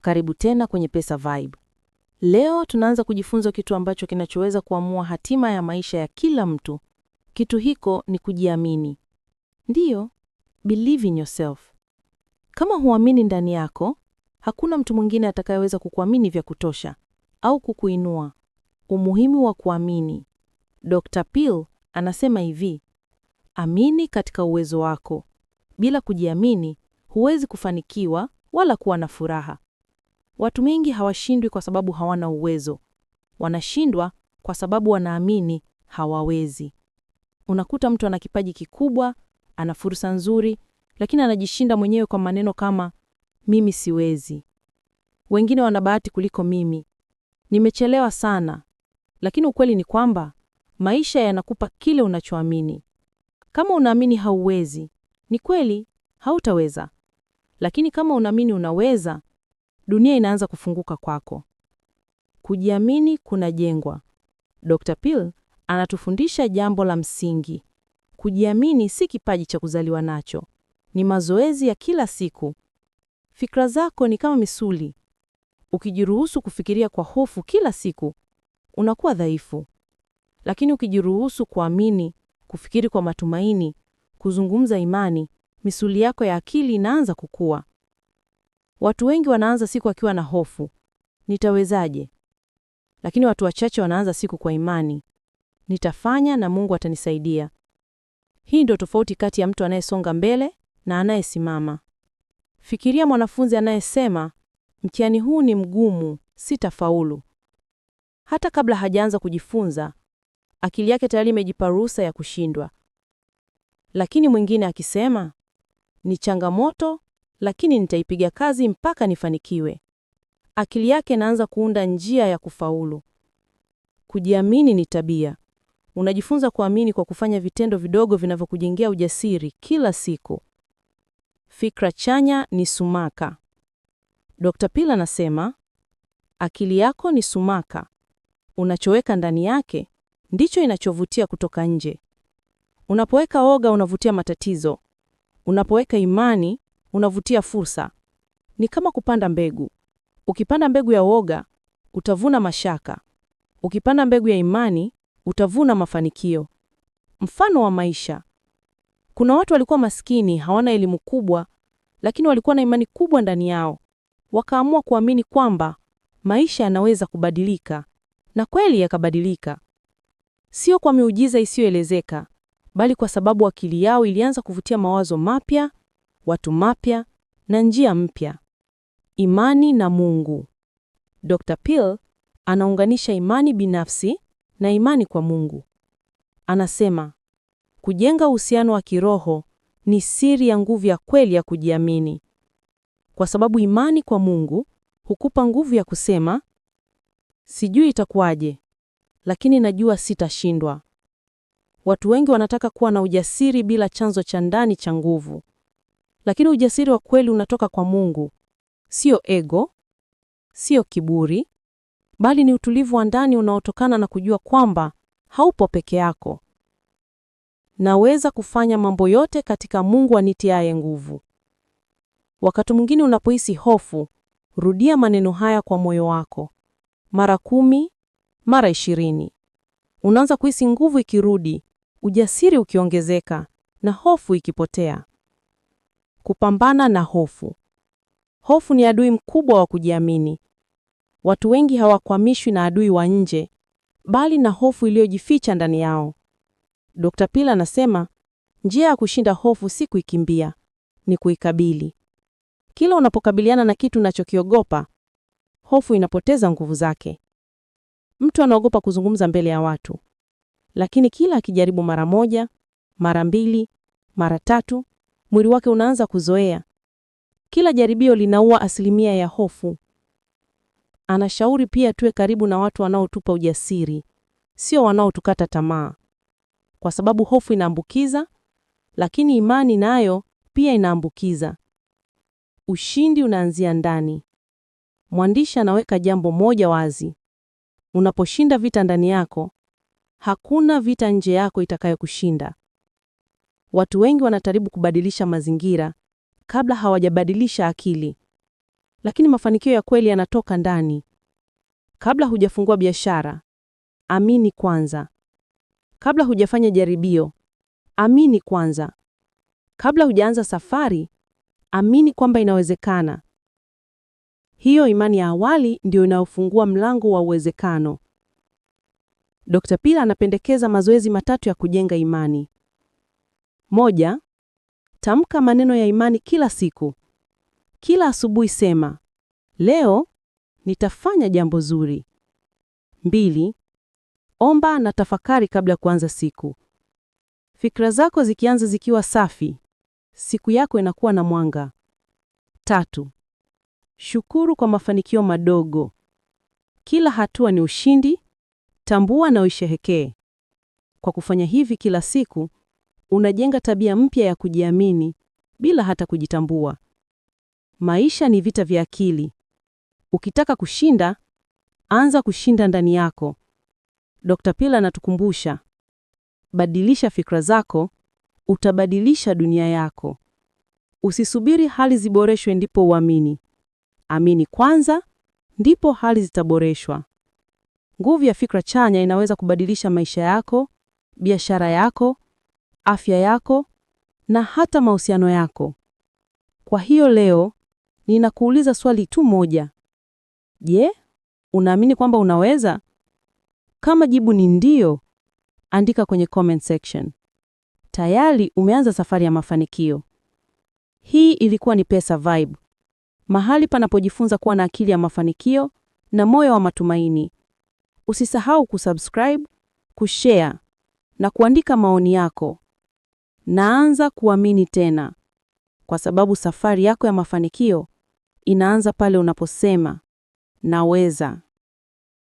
Karibu tena kwenye Pesa Vibe. Leo tunaanza kujifunza kitu ambacho kinachoweza kuamua hatima ya maisha ya kila mtu. Kitu hiko ni kujiamini. Ndiyo, believe in yourself. Kama huamini ndani yako, hakuna mtu mwingine atakayeweza kukuamini vya kutosha au kukuinua. Umuhimu wa kuamini. Dr. Pil anasema hivi: amini katika uwezo wako. Bila kujiamini, huwezi kufanikiwa wala kuwa na furaha. Watu wengi hawashindwi kwa sababu hawana uwezo, wanashindwa kwa sababu wanaamini hawawezi. Unakuta mtu ana kipaji kikubwa, ana fursa nzuri, lakini anajishinda mwenyewe kwa maneno kama mimi siwezi, wengine wana bahati kuliko mimi, nimechelewa sana. Lakini ukweli ni kwamba maisha yanakupa kile unachoamini. Kama unaamini hauwezi, ni kweli hautaweza, lakini kama unaamini unaweza, dunia inaanza kufunguka kwako. Kujiamini kunajengwa. Dr. Pill anatufundisha jambo la msingi: kujiamini si kipaji cha kuzaliwa nacho, ni mazoezi ya kila siku. Fikra zako ni kama misuli. Ukijiruhusu kufikiria kwa hofu kila siku, unakuwa dhaifu, lakini ukijiruhusu kuamini, kufikiri kwa matumaini, kuzungumza imani, misuli yako ya akili inaanza kukua. Watu wengi wanaanza siku akiwa na hofu, nitawezaje? Lakini watu wachache wanaanza siku kwa imani, nitafanya na Mungu atanisaidia. Hii ndio tofauti kati ya mtu anayesonga mbele na anayesimama. Fikiria mwanafunzi anayesema mtihani huu ni mgumu, sitafaulu. Hata kabla hajaanza kujifunza, akili yake tayari imejipa ruhusa ya kushindwa. Lakini mwingine akisema ni changamoto, lakini nitaipiga kazi mpaka nifanikiwe. Akili yake inaanza kuunda njia ya kufaulu. Kujiamini ni tabia. Unajifunza kuamini kwa kufanya vitendo vidogo vinavyokujengea ujasiri kila siku. Fikra chanya ni sumaka. Dr. Pila anasema akili yako ni sumaka. Unachoweka ndani yake ndicho inachovutia kutoka nje. Unapoweka oga unavutia matatizo. Unapoweka imani unavutia fursa. Ni kama kupanda mbegu. Ukipanda mbegu ya woga, utavuna mashaka. Ukipanda mbegu ya imani, utavuna mafanikio. Mfano wa maisha. Kuna watu walikuwa maskini, hawana elimu kubwa, lakini walikuwa na imani kubwa ndani yao. Wakaamua kuamini kwamba maisha yanaweza kubadilika, na kweli yakabadilika, sio kwa miujiza isiyoelezeka, bali kwa sababu akili yao ilianza kuvutia mawazo mapya watu mapya na njia mpya. Imani na Mungu. Dr. Peel anaunganisha imani binafsi na imani kwa Mungu. Anasema kujenga uhusiano wa kiroho ni siri ya nguvu ya kweli ya kujiamini, kwa sababu imani kwa Mungu hukupa nguvu ya kusema sijui itakuwaje, lakini najua sitashindwa. Watu wengi wanataka kuwa na ujasiri bila chanzo cha ndani cha nguvu. Lakini ujasiri wa kweli unatoka kwa Mungu, sio ego, sio kiburi, bali ni utulivu wa ndani unaotokana na kujua kwamba haupo peke yako. Naweza kufanya mambo yote katika Mungu anitiaye nguvu. Wakati mwingine unapohisi hofu, rudia maneno haya kwa moyo wako mara kumi, mara ishirini. Unaanza kuhisi nguvu ikirudi, ujasiri ukiongezeka na hofu ikipotea. Kupambana na hofu. Hofu ni adui mkubwa wa kujiamini. Watu wengi hawakwamishwi na adui wa nje, bali na hofu iliyojificha ndani yao. Dr. Pila anasema njia ya kushinda hofu si kuikimbia, ni kuikabili. Kila unapokabiliana na kitu unachokiogopa, hofu inapoteza nguvu zake. Mtu anaogopa kuzungumza mbele ya watu, lakini kila akijaribu mara moja, mara mbili, mara tatu, mwili wake unaanza kuzoea. Kila jaribio linaua asilimia ya hofu. Anashauri pia tuwe karibu na watu wanaotupa ujasiri, sio wanaotukata tamaa, kwa sababu hofu inaambukiza, lakini imani nayo pia inaambukiza. Ushindi unaanzia ndani. Mwandishi anaweka jambo moja wazi: unaposhinda vita ndani yako, hakuna vita nje yako itakayokushinda. Watu wengi wanataribu kubadilisha mazingira kabla hawajabadilisha akili, lakini mafanikio ya kweli yanatoka ndani. Kabla hujafungua biashara, amini kwanza. Kabla hujafanya jaribio, amini kwanza. Kabla hujaanza safari, amini kwamba inawezekana. Hiyo imani ya awali ndio inayofungua mlango wa uwezekano. Dr. Pila anapendekeza mazoezi matatu ya kujenga imani. Moja, tamka maneno ya imani kila siku. Kila asubuhi sema, leo nitafanya jambo zuri. Mbili, omba na tafakari kabla kuanza siku. Fikra zako zikianza zikiwa safi, siku yako inakuwa na mwanga. Tatu, shukuru kwa mafanikio madogo. Kila hatua ni ushindi, tambua na uishehekee. Kwa kufanya hivi kila siku, unajenga tabia mpya ya kujiamini bila hata kujitambua. Maisha ni vita vya akili. Ukitaka kushinda, anza kushinda ndani yako. Dr. pila anatukumbusha, badilisha fikra zako, utabadilisha dunia yako. Usisubiri hali ziboreshwe ndipo uamini. Amini kwanza, ndipo hali zitaboreshwa. Nguvu ya fikra chanya inaweza kubadilisha maisha yako, biashara yako afya yako na hata mahusiano yako. Kwa hiyo leo ninakuuliza swali tu moja. Je, unaamini kwamba unaweza? Kama jibu ni ndio, andika kwenye comment section. Tayari umeanza safari ya mafanikio. Hii ilikuwa ni Pesa Vibe, mahali panapojifunza kuwa na akili ya mafanikio na moyo wa matumaini. Usisahau kusubscribe, kushare na kuandika maoni yako naanza kuamini tena, kwa sababu safari yako ya mafanikio inaanza pale unaposema naweza.